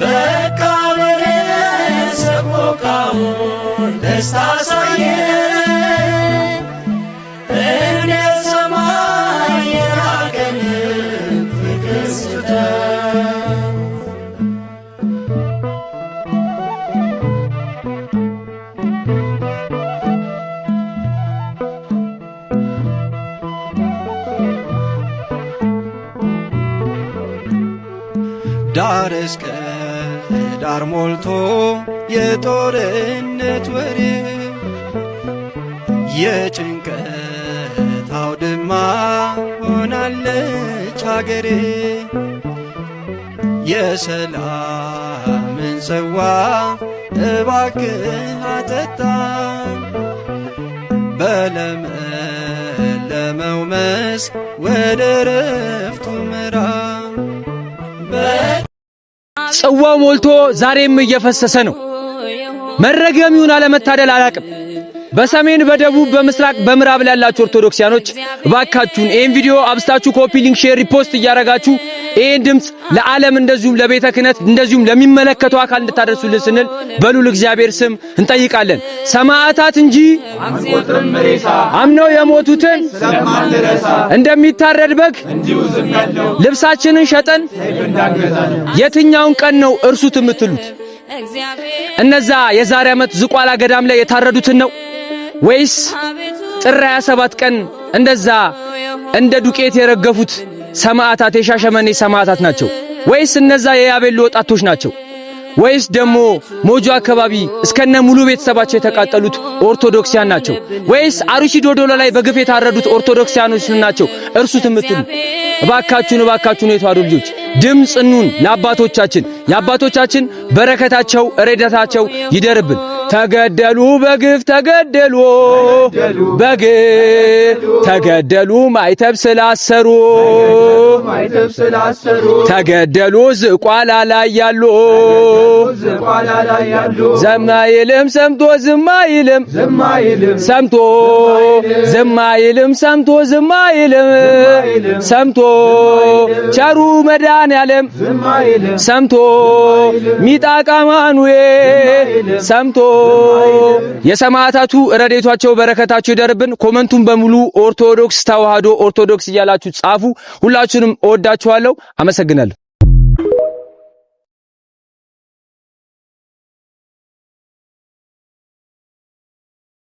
በቃ በደስ ሰቆቃውን ደስታ ዳር እስከ ዳር ሞልቶ የጦርነት ወሬ የጭንቀት አውድማ ሆናለች አገሬ። የሰላምን ጽዋ እባክህ አጠጣ በለመለመው መስክ ወደ ረፍቱ ምራ ጽዋው ሞልቶ ዛሬም እየፈሰሰ ነው። መረገም ይሁን አለመታደል አላቅም። በሰሜን በደቡብ በምስራቅ በምዕራብ ላይ ያላችሁ ኦርቶዶክሲያኖች እባካችሁን ይህን ቪዲዮ አብስታችሁ ኮፒ ሊንክ፣ ሼር፣ ሪፖስት እያረጋችሁ ይህን ድምፅ ለዓለም እንደዚሁም ለቤተ ክህነት እንደዚሁም ለሚመለከተው አካል እንድታደርሱልን ስንል በሉል እግዚአብሔር ስም እንጠይቃለን። ሰማዕታት እንጂ አምነው የሞቱትን እንደሚታረድ በግ ልብሳችንን ሸጠን የትኛውን ቀን ነው እርሱት የምትሉት? እነዛ የዛሬ ዓመት ዝቋላ ገዳም ላይ የታረዱትን ነው ወይስ ጥር 27 ቀን እንደዛ እንደ ዱቄት የረገፉት ሰማዕታት የሻሸመኔ ሰማዕታት ናቸው ወይስ እነዛ የያቤሉ ወጣቶች ናቸው ወይስ ደግሞ ሞጆ አካባቢ እስከነ ሙሉ ቤተሰባቸው የተቃጠሉት ኦርቶዶክሲያን ናቸው ወይስ አርሲ ዶዶላ ላይ በግፍ የታረዱት ኦርቶዶክሲያኖች ናቸው? እርሱ ትምትሉ እባካችሁን፣ እባካችሁን የተዋሕዶ ልጆች ድምፅ ኑን ለአባቶቻችን። የአባቶቻችን በረከታቸው ረዳታቸው ይደርብን። ተገደሉ በግፍ ተገደሉ በግፍ ተገደሉ ማይተብ ስላሰሩ ተገደሉ ዝቋላ ላይ ያሉ ዘማይልም ሰምቶ ዝማይልም ሰምቶ ዘማይልም ሰምቶ ዝማይልም ሰምቶ ቸሩ መዳን ያለም ሰምቶ ሚጣቃማኑዌ ሰምቶ የሰማዕታቱ ረዴቷቸው በረከታቸው ይደርብን። ኮመንቱን በሙሉ ኦርቶዶክስ ተዋህዶ ኦርቶዶክስ እያላችሁ ጻፉ። ሁላችሁንም እወዳችኋለሁ። አመሰግናለሁ።